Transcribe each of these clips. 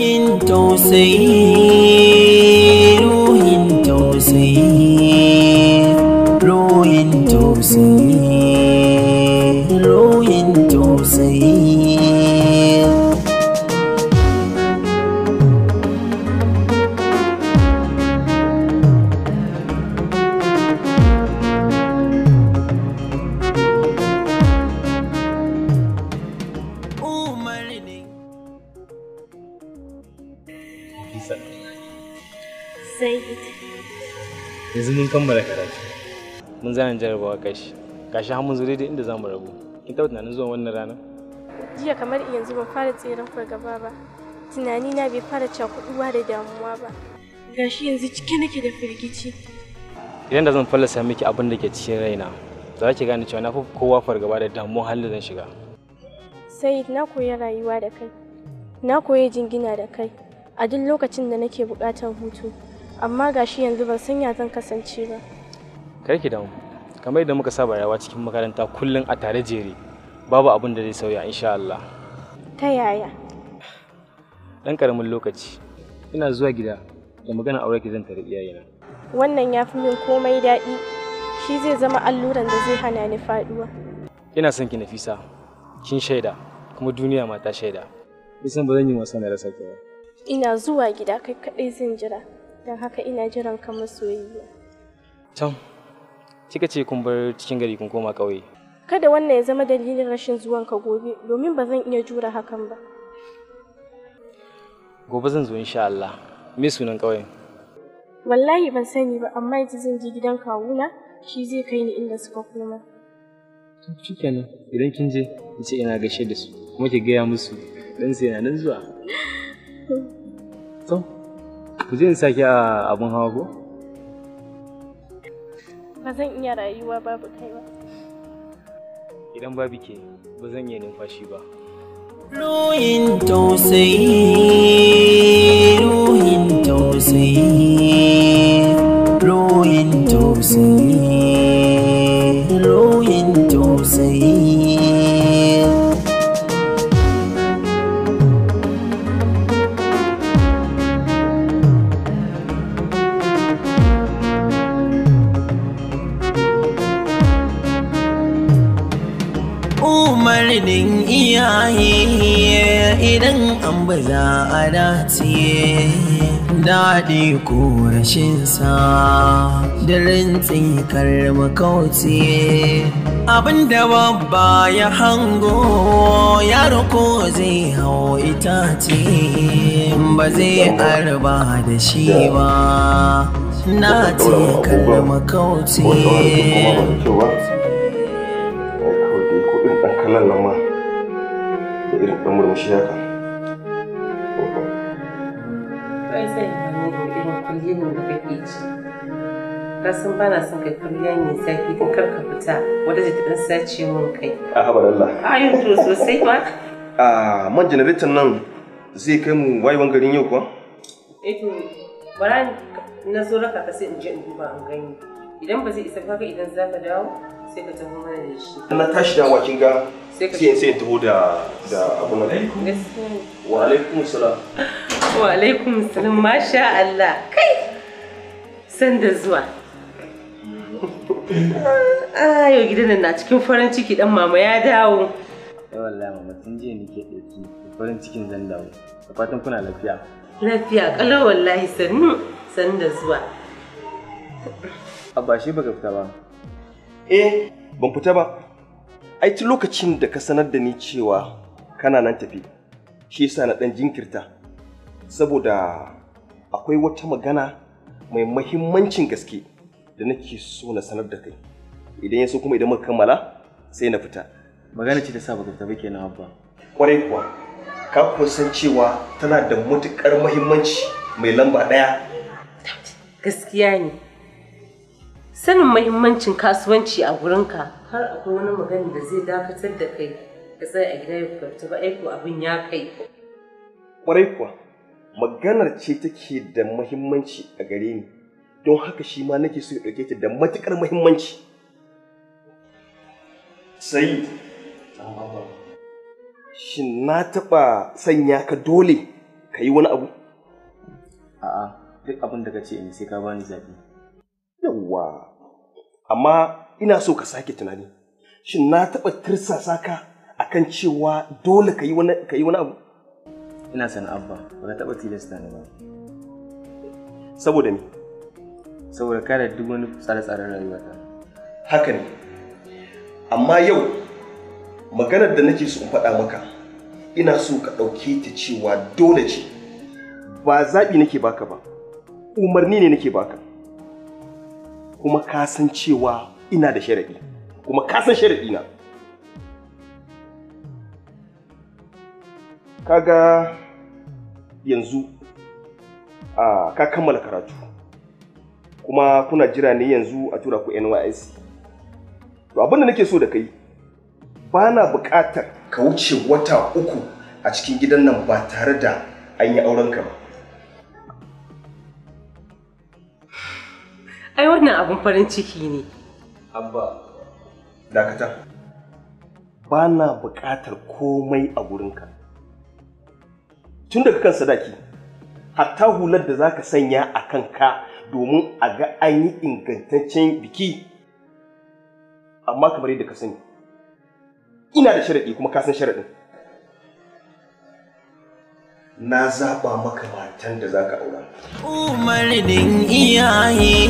yin tausayi waƙar shi kashi har mun da daidai inda zamu rabu kin taɓa tunanin zuwa wannan rana jiya kamar yanzu ban fara tseren fargaba ba tunani na bai fara cakuduwa da damuwa ba gashi yanzu cike nake da firgici idan da zan fallasa miki abin da ke cikin raina za ki gane cewa na fi kowa fargaba da damuwa halin da zan shiga sai na koyi rayuwa da kai na koyi jingina da kai a duk lokacin da nake buƙatar hutu amma gashi yanzu ban sanya zan kasance ba kar ki damu kamar yadda muka saba rayuwa cikin makaranta kullum a tare jere babu abin da zai sauya insha Allah ta yaya dan karamin lokaci ina zuwa gida da magana aure ki zan tare iyayena wannan ya fi min komai daɗi shi zai zama alluran da zai hana ni faduwa ina son ki nafisa kin shaida kuma duniya ma ta shaida bisan ba zan yi wasa na rasa ki ba ina zuwa gida kai kadai zan jira don haka ina jiran ka masoyiya can kika ce kun bar cikin gari kun koma ƙauye kada wannan ya zama dalilin rashin zuwan ka gobe domin ba zan iya jura hakan ba gobe zan zo insha Allah me sunan ƙauyen wallahi ban sani ba amma yanzu zan je gidan kawuna shi zai kai ni inda suka koma ne idan kin je in ce ina gaishe da su kuma ki gaya musu dan sai nan zuwa to ku je in saki a abun hawa ko ba zan iya rayuwa babu kai ba idan babu ke ba zan iya numfashi ba ruhin tausayi ruhin tausayi ruhin tausayi iyaye idan an baza a dace daɗi ko rashin rashinsa daren tsinkar makauce abinda babba ya hango yaro ko zai hau itace ba zai arba da shi ba na tsinkar makauce kalan irin ɗan murmushi haka bai sai ne irin kulliyar da kake ci ka san bana son kai kulliya mai zafi don kar ka fita wata jiki ɗan sace mun kai a habar Allah a yin to sosai ba a man janaraitar nan zai kai mu wayewan garin yau kuwa eto eh bara na zo raka ka sai in je in duba in gani idan ba zai isa ba idan za ka dawo sai ka tafi mana da shi na tashi da wakin ga sai sai taho da da abu na wa alaikum salam wa alaikum salam masha Allah kai san da zuwa ayo gidan nan na cikin farin ciki dan mama ya dawo wallahi mama je ni ke ɗauki farin cikin zan dawo da fatan kuna lafiya lafiya kalau wallahi sannu san da zuwa abba shi baka fita ba eh ban fita ba ai tun lokacin da ka sanar da ni cewa kana nan tafi shi yasa na dan jinkirta saboda akwai wata magana mai mahimmancin gaske da nake so na sanar da kai idan ya kuma idan muka kammala sai na fita magana ce ta sa baka fita ba kenan abba kwarai kuwa ka san cewa tana da matukar mahimmanci mai lamba daya gaskiya ne sanin mahimmancin kasuwanci a gurinka har akwai wani magani da zai dakatar da kai ka tsaye a gida ya fita ba aiko abin ya kai Kwarai kuwa maganar ce take da mahimmanci a gare ni don haka shi ma nake so ya ɗauke ta da matuƙar mahimmanci sai shin na taɓa sanya ka dole ka yi wani abu a'a duk abin da ka ce ne sai ka bani zaɓi yawwa amma ina so ka sake tunani shin na taɓa tirsasa ka akan cewa dole ka yi wani abu ina sana abba ba ka taɓa tilasta ni ba saboda ni, saboda kare duk wani tsare-tsaren rayuwata haka ne amma yau maganar da nake so in faɗa maka ina so ka ɗauke ta cewa dole ce ba zaɓi nake baka ba umarni ne nake baka kuma ka san cewa ina da sharaɗi kuma ka san sharaɗi na kaga yanzu a ka kammala karatu kuma kuna jira ne yanzu a tura ku NYSC to abin da nake so da kai ba na buƙatar ka wuce wata uku a cikin gidan nan ba tare da an yi aurenka ba Ai wannan abin farin ciki ne. Abba, dakata. Ba na buƙatar komai a gurinka. Tun daga kan sadaki, hatta hular da za ka sanya a kanka domin a ga an yi ingantaccen biki. Amma kamar yadda ka sani, ina da sharaɗi kuma ka san sharaɗin. na zaba maka matan da za ka aura. Umarnin iyaye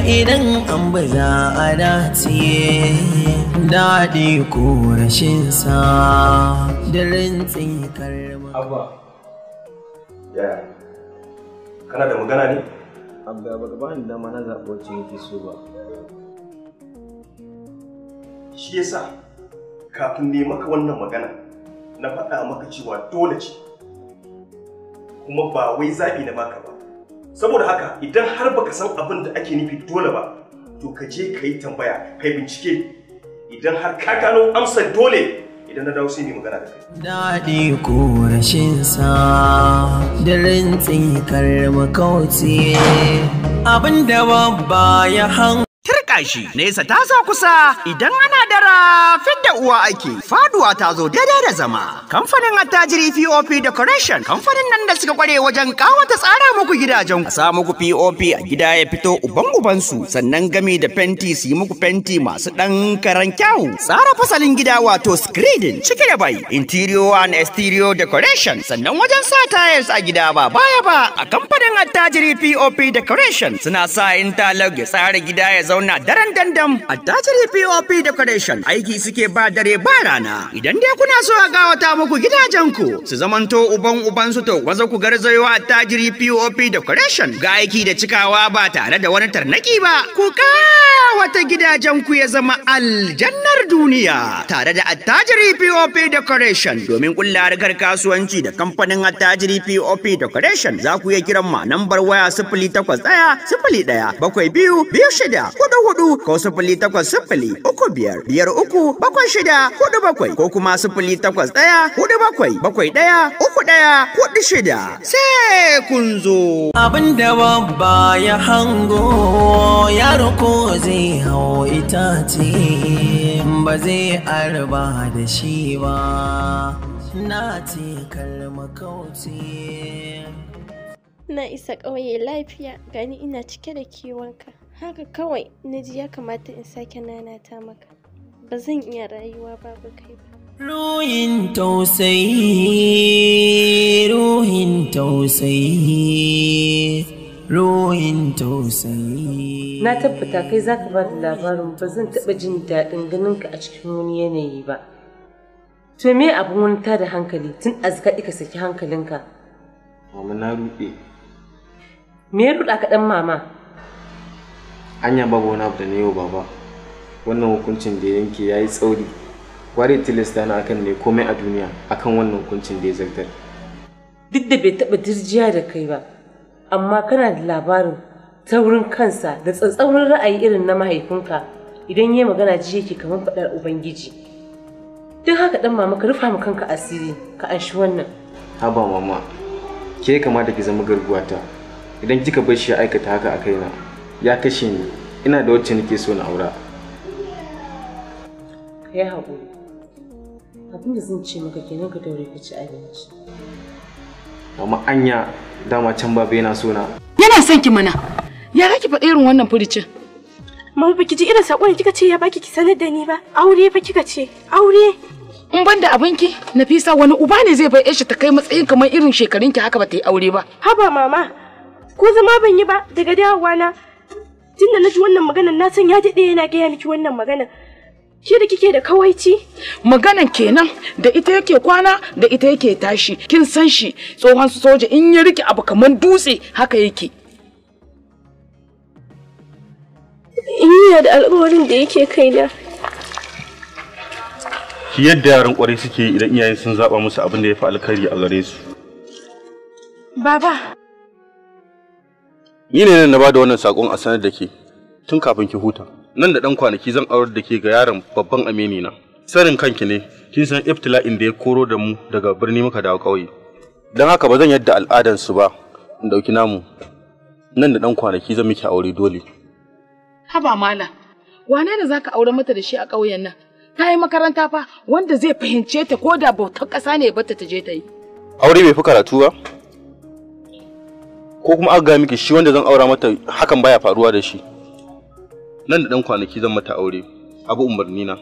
idan an ba za a dace daɗi ko sa da rantsin karma. Abba, yaya, kana da magana ne? Abba, ba ka bani dama na zaɓo wacce yake so ba. Shi yasa kafin ne maka wannan magana na faɗa maka cewa dole ce kuma ba wai zaɓi na baka ba saboda haka idan har baka san abin da ake nufi dole ba to ka je ka yi tambaya ka yi bincike idan har ka gano amsar dole idan na dawo sai mai magana da kai. Daɗi ko rashin sa daren tsinkar makauci abin da babba ya hankali. Turka shi nesa ta sa kusa idan ana kaddara fidda uwa ake faduwa ta zo daidai da zama kamfanin attajiri pop decoration kamfanin nan da suka kware wajen kawata tsara muku gidajen ku sa muku pop a gida ya fito uban ubansu. sannan gami da fenti su yi muku fenti masu ɗan karan kyawu tsara fasalin gida wato screening. cike da bai interior and exterior decoration sannan wajen sa tiles a gida ba baya ba a kamfanin attajiri pop decoration suna sa interlock ya tsara gida ya zauna daren dandam attajiri pop decoration Foundation aiki suke ba dare ba rana. Idan dai kuna so a gawata muku gidajenku su zamanto uban uban su to waza ku garzayo a tajiri POP decoration ga aiki da cikawa ba tare da wani tarnaki ba. Ku ta gidajenku ya zama aljannar duniya tare da attajiri POP Decoration domin kulla harkar kasuwanci da kamfanin attajiri POP Decoration za ku iya kiran ma nambar waya sifili takwas ɗaya sifili ɗaya bakwai biyu biyu shida hudu hudu ko sifili takwas sifili uku biyar biyar uku bakwai shida hudu bakwai ko kuma sifili takwas ɗaya hudu bakwai bakwai ɗaya uku ɗaya hudu shida sai kun zo. Abin da babba ya hango ya ko zai hau itace ba zai arba da shi ba na ce kalma kauce na isa ƙauye lafiya gani ina cike da kewanka haka kawai na ji ya kamata in sake nanata maka ba zan iya rayuwa babu kai ba Ruhin tausayi, ruhin tausayi, ruhin tausayi. na tabbata kai za ka ba da labarin ba zan taɓa jin daɗin ganin ka a cikin wani yanayi ba to me abin wani da hankali tun azkaɗi ka saki hankalinka mama na ruɗe me ya ruɗa ka ɗan mama anya babu wani abu da na yau baba wannan hukuncin da yanke ya yi tsauri ware tilasta na akan ne komai a duniya akan wannan hukuncin da ya zartar duk da bai taɓa dirjiya da kai ba amma kana da labarin taurin kansa da tsatsaurin ra'ayi irin na mahaifinka idan ya magana ji yake kamar faɗar ubangiji don haka ɗan mama ka rufa kanka asiri ka anshi wannan haba mama ke kamata ki zama garguwata idan kika bar shi ya aikata haka a kaina ya kashe ni ina da wacce nake so na aura ka yi haƙuri abin da zan ce maka kenan ka daure ka ci abinci mama anya dama can baba yana so na yana son ki mana Ya zaki faɗa irin wannan furicin? ba baki ji irin sakon kika ce ya baki ki sanar da ni ba. Aure fa kika ce, aure. In ban da abinki, Nafisa wani uba ne zai bar shi ta kai matsayin kamar irin shekarun ki haka ba ta yi aure ba. Haba mama, ko zama ban yi ba daga dawowa na. Tunda na ji wannan maganar na san ya daɗe yana gaya miki wannan maganar. Ke da kike da kawaici? Maganan kenan da ita yake kwana da ita yake tashi. Kin san shi tsohon soja in ya rike abu kamar dutse haka yake. ina da alƙawarin da yake kaina Ki yadda yaran kwarai suke yi, idan iyayen sun zaba musu abin da ya fi alkhairi a gare su baba ni ne nan, na ba da wannan sakon a sanar da ke tun kafin ki huta nan da ɗan kwanaki zan aurar da ke ga yaron babban amini na sanin kanki ne kin san iftila'in da ya koro da mu daga birni muka dawo ƙauye don haka ba zan yadda al'adansu ba in ɗauki namu nan da ɗan kwanaki zan miki aure dole haba malam wane da zaka aure mata da shi a ƙauyen nan ta yi makaranta fa wanda zai fahimce ta ko da bautar ƙasa ne bata ta je ta yi aure bai fi karatu ba ko kuma aka ga miki shi wanda zan aura mata hakan baya faruwa da shi nan da ɗan kwanaki zan mata aure abu umarni na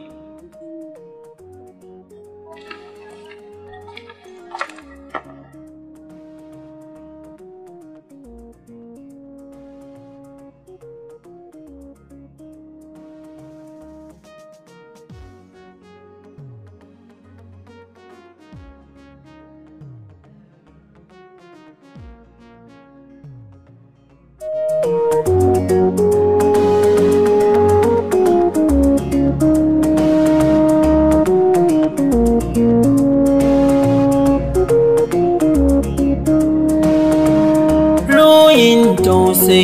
tausayi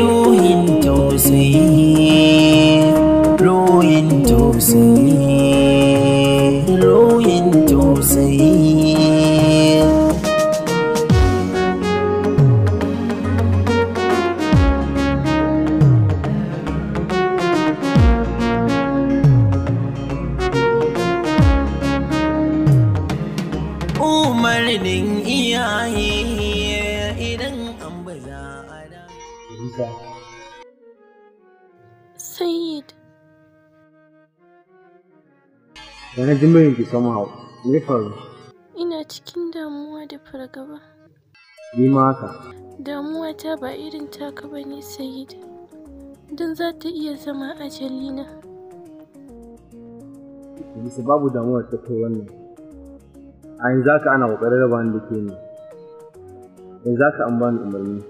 ruhin tausayi ruhin tausayi remembering you hau ne faru? Ina cikin damuwa da fargaba. Ni ma haka. Damuwa ta ba irin taka ba ne, Sayid. Don za ta iya zama ajalina. Bisa babu damuwa ta kai wannan. A yanzu haka ana ƙoƙarin raba da ke ne. Yanzu haka an bani umarni.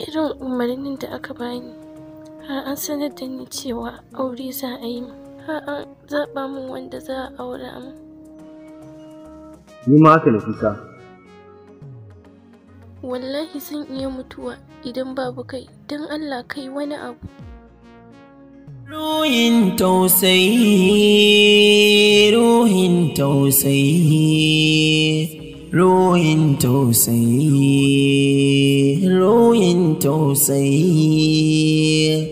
Irin umarnin da aka bani, har an sanar da ni cewa aure za a yi. Har an zaɓa min wanda za a aura min. Ni ma haka Nafisa. Wallahi zan iya mutuwa idan babu kai, don Allah kai wani abu. Ruhin tausayi, ruhin tausayi, ruhin tausayi, ruhin tausayi.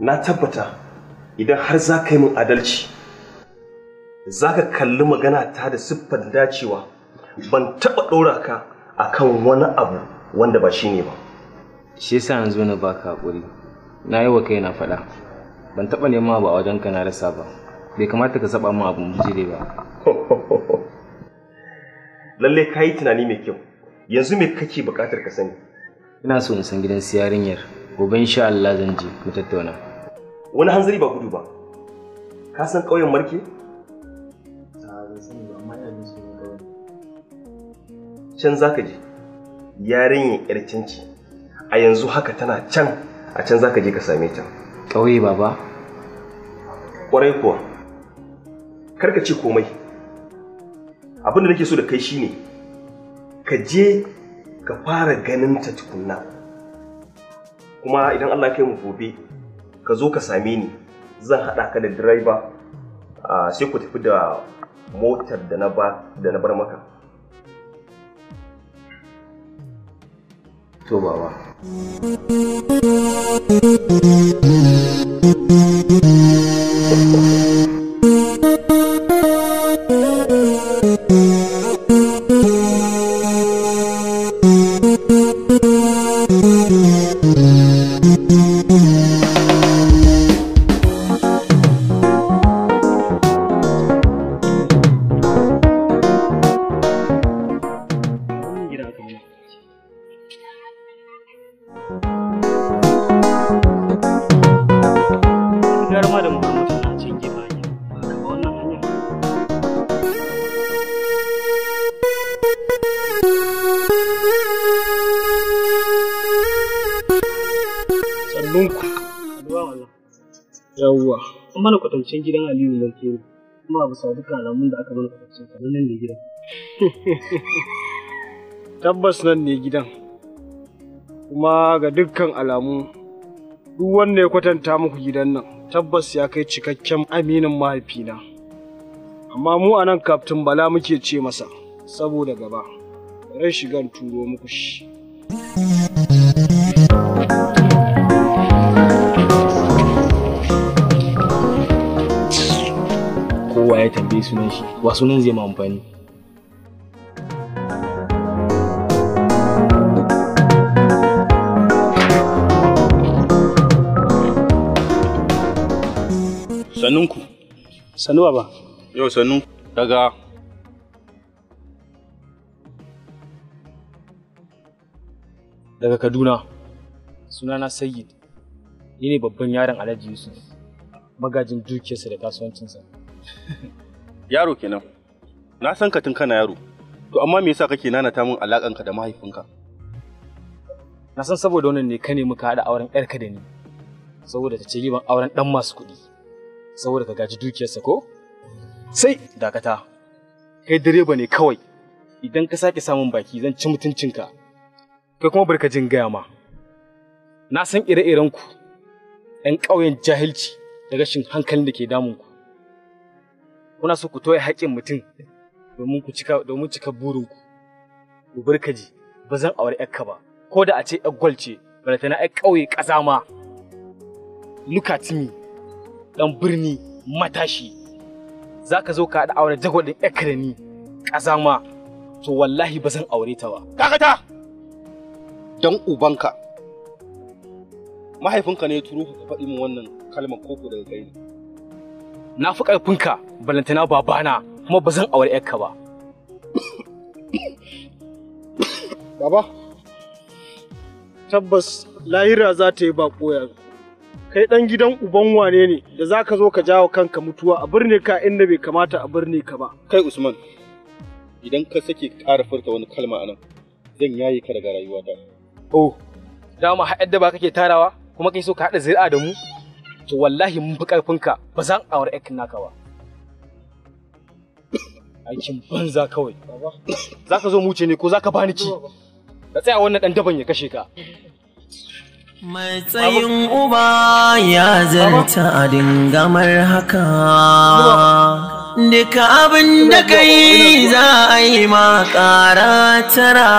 na tabbata idan har za ka yi min adalci za ka kalli magana ta da siffar dacewa ban taɓa ɗora ka a kan wani abu wanda ba shi ne ba shi yasa yanzu na baka haƙuri na yi wa kai na faɗa ban taɓa nema ba a wajen ka na rasa ba bai kamata ka saba min abin jire ba lalle ka yi tunani mai kyau yanzu me kake buƙatar ka sani ina so in san gidan su yarinyar gobe insha Allah zan je mu tattauna wani hanzari ba gudu ba ka san ƙauyen marke can zaka je yarinyar yar canci a yanzu haka tana can a can za ka je ka same ta ƙauye baba ƙwarai kuwa kar ka ce komai abin da nake so da kai shine ka je ka fara ganin ta tukunna kuma idan Allah kai mu gobe ka zo ka same ni zan haɗa ka da direba sai ku tafi da motar da na bar maka to baba Thank you. mana kwatancin gidan Aliyu ke kuma sa dukkan alamun da aka mana kwatancin ta nan ne gidan. Tabbas nan ne gidan. Kuma ga dukkan alamu duk wanda ya kwatanta muku gidan nan tabbas ya kai cikakken aminin mahaifina. Amma mu a nan kaftin bala muke ce masa saboda gaba, rai shigan turo muku shi. ya tambaye sunan shi wa sunan zai ma amfani sannunku sannu baba yau sannu daga daga kaduna sunana sayyid ni ne babban yaron alhaji yusuf magajin dukiyarsa da kasuwancinsa Yaro kenan. Na san ka tun kana yaro. To amma me yasa kake nanata min alakanka da mahaifinka? Na san saboda wannan ne ka nemi ka haɗa auren ƴarka da ni. Saboda ta ce giban auren ɗan masu kuɗi. Saboda ka gaji dukiyarsa ko? Sai dakata. Kai direba ne kawai. Idan ka sake samun baki zan ci mutuncinka. Kai kuma jin gaya ma. Na san ire-irenku. ‘Yan ƙauyen jahilci da rashin hankalin da ke damunku. kuna so ku toye haƙƙin mutum domin ku cika domin cika burinku ku burkaji ba zan aure yakka ba ko da a ce yar gwal ce bala tana yar ƙauye ƙasa ma look at me dan birni matashi zaka zo ka haɗa aure jago din da ni ƙasa to wallahi ba zan aure ta ba kaga ta dan ubanka mahaifinka ne ya turo ka faɗi min wannan kalmar koko daga kai na fi ƙarfinka Valentina babana kuma ba zan aure ka ba baba tabbas lahira za ta yi bako yanzu kai dan gidan uban wane ne da za ka zo ka jawo kanka mutuwa a birne ka inda bai kamata a birne ka ba kai usman idan ka sake ƙara furta wani kalma anan zan yayi ka daga ta. oh dama haɗar da ba kake tarawa kuma kai so ka haɗa zira da mu to wallahi mun fi ƙarfinka ba zan aure yakin naka ba aikin banza kawai za ka zo muce ne ko za ka bani ci ka tsaya wannan dan daban ya kashe ka matsayin uba ya zarta a dingamar haka Duka abin da kai za a yi ma ƙara tara.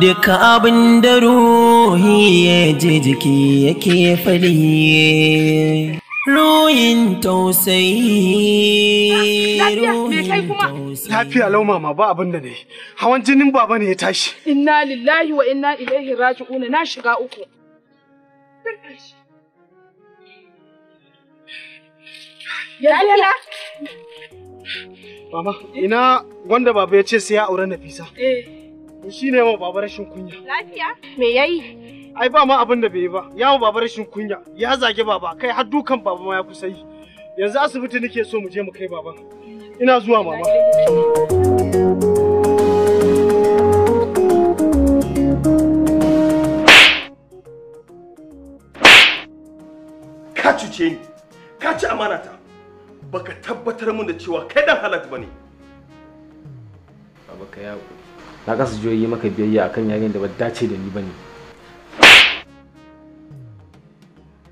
Duka abin da ruhi ya ji jiki yake faɗi. tausayi lafiya lau mama ba abin da ne hawan jinin baba ne ya tashi inna lillahi wa inna ilaihi raji'un na shiga uku Yalala. Mama, ina wanda baba ya ce sai ya aure Nafisa. Eh. Shi ne ma baba rashin kunya. Lafiya? Me yayi? ai ba ma abin da bai yi ba ya ma baba rashin kunya ya zage baba kai har dukan baba ma ya kusa yi yanzu asibiti nake so mu je mu kai baban ina zuwa mama ka cuce ni ka ci amanata baka tabbatar mun da cewa kai dan halak bane baba ka yawo na kasa yi maka biyayya akan yayin da ba dace da ni bane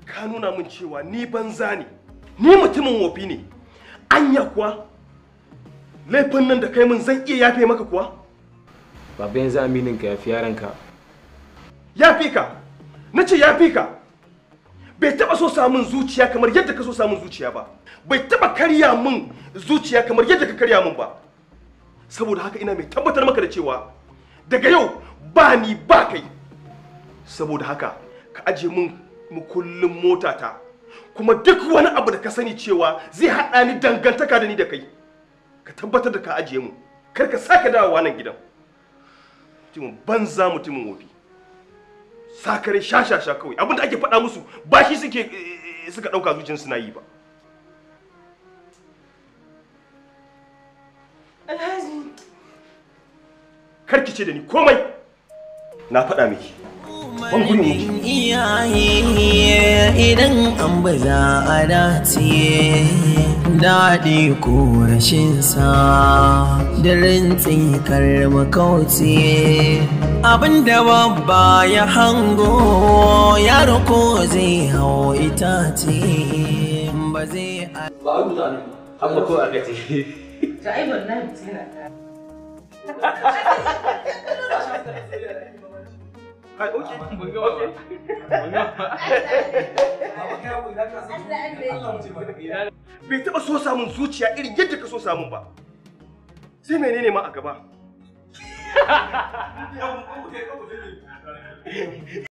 ka nuna mun cewa ni banza ne ni mutumin wofi ne anya kuwa laifin nan da kai min zan iya yafe maka kuwa baba yanzu aminin ka yafi yaranka yafi ka na ce yafi ka bai taba so samun zuciya kamar yadda ka so samun zuciya ba bai taba karya min zuciya kamar yadda ka karya min ba saboda haka ina mai tabbatar maka da cewa daga yau ba ni ba kai saboda haka ka aje min mukullin motata kuma duk wani abu da ka sani cewa zai haɗa ni dangantaka da ni da kai ka tabbatar da ka ajiye mu kar ka sake dawowa nan gidan mutumin banza mutumin wofi sakare shashasha kawai abinda ake faɗa musu ba shi suke eh, eh, suka ɗauka zuciyar suna yi ba alhaji ki ce da ni komai na faɗa miki manin iyaye idan an baza a dace daɗi ko rashinsa daren tsinkar makauce abinda babba ya hango yaro ko zai hau ita itace ba zai a ba a amma ko a gace ta ai wannan tsira ta Ai, ah, okay, mun Bai taɓa so samun zuciya irin yadda ka so samun ba. Sai menene ma a gaba?